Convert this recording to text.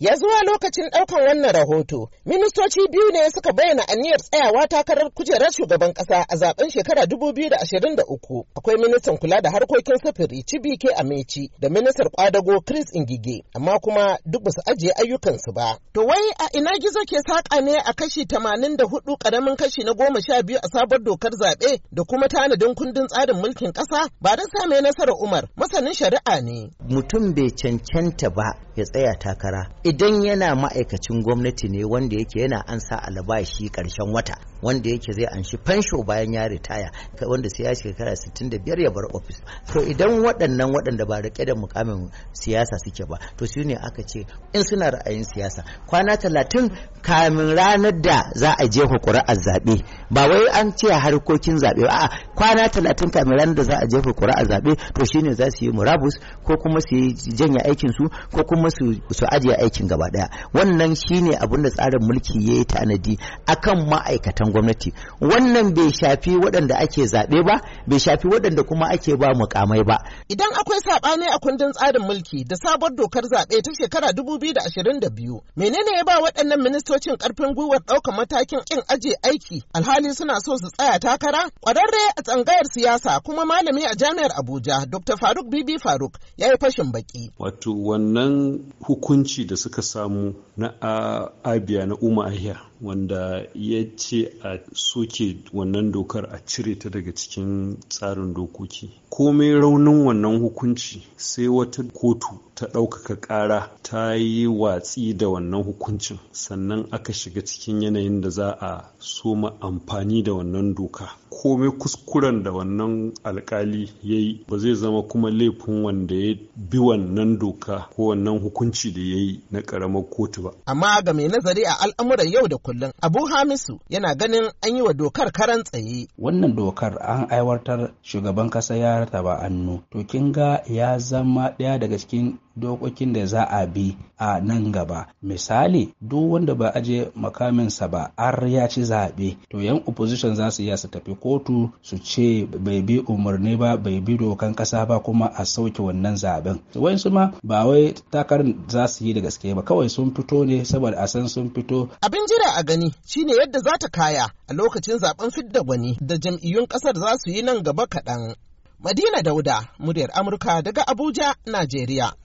Ya zuwa lokacin ɗaukan wannan rahoto, ministoci biyu ne suka bayyana aniyar tsayawa takarar kujerar shugaban ƙasa a zaben shekara 2023. Akwai ministan kula da harkokin sufuri Chibike Amechi da ministan kwadago Chris Ingige, amma kuma duk ba su ajiye ayyukansu ba. To wai a ina gizo ke saƙa ne a kashi tamanin da hudu ƙaramin kashi na goma sha biyu a sabon dokar zaɓe da kuma tanadin kundin tsarin mulkin ƙasa ba da sa mai nasarar Umar masanin shari'a ne. Mutum bai cancanta ba ya tsaya takara. idan yana ma'aikacin gwamnati ne wanda yake yana ansa albashi karshen wata wanda yake zai anshi fansho bayan ya ritaya wanda sai ya shekara 65 ya bar ofis to idan waɗannan waɗanda ba rike da mukamin siyasa suke ba to shine aka ce in suna ra'ayin siyasa kwana 30 kamin ranar da za a jefa ƙuri'ar zaɓe ba wai an ce harkokin zaɓe ba a'a kwana 30 kamin ranar da za a jefa ƙuri'ar zaɓe to shine za su yi murabus ko kuma su yi janya aikin su ko kuma su ajiye aikin gaba ɗaya wannan shine abin da tsarin mulki ya yi tanadi akan ma'aikatan ma'aikatan gwamnati wannan bai shafi waɗanda ake zaɓe ba bai shafi waɗanda kuma ake ba mukamai ba idan akwai saɓani a kundin tsarin mulki da sabon dokar zaɓe ta shekara 2022 menene ya ba waɗannan ministocin ƙarfin gwiwar ɗaukar matakin ƙin aje aiki alhali suna so su tsaya takara ƙwararre a tsangayar siyasa kuma malami a jami'ar abuja dr faruk bibi faruk ya yi fashin baki wato wannan hukunci da suka samu na abia na umahiya wanda ya ce a soke wannan dokar a cire ta daga cikin tsarin dokoki komai raunin wannan hukunci sai wata kotu ta ɗaukaka ƙara ta yi watsi da wannan hukuncin sannan aka shiga cikin yanayin da za a soma amfani da wannan doka komai kuskuren da wannan alkali ya yi ba zai zama kuma laifin wanda ya bi wannan doka ko wannan hukunci da ya yi na karamar kotu ba amma ga mai nazari a al'amuran yau da kullum abu hamisu yana ganin an yi wa dokar karan tsaye wannan dokar an aiwatar shugaban kasa ya rataba hannu to kin ga ya zama ɗaya daga cikin dokokin da za a bi a nan gaba misali duk wanda ba aje makaminsa ba har ya ci zaɓe to yan opposition za su iya su tafi kotu su ce bai bi umarni ba bai bi dokan ƙasa ba kuma a sauke wannan zaɓen wayansu ma ba wai takarar za su yi da gaske ba kawai sun fito ne saboda a san sun fito abin jira a gani shine yadda za ta kaya a lokacin zaben fidda gwani da jam'iyyun ƙasar za su yi nan gaba kaɗan Madina Dauda, muryar Amurka daga Abuja, Najeriya.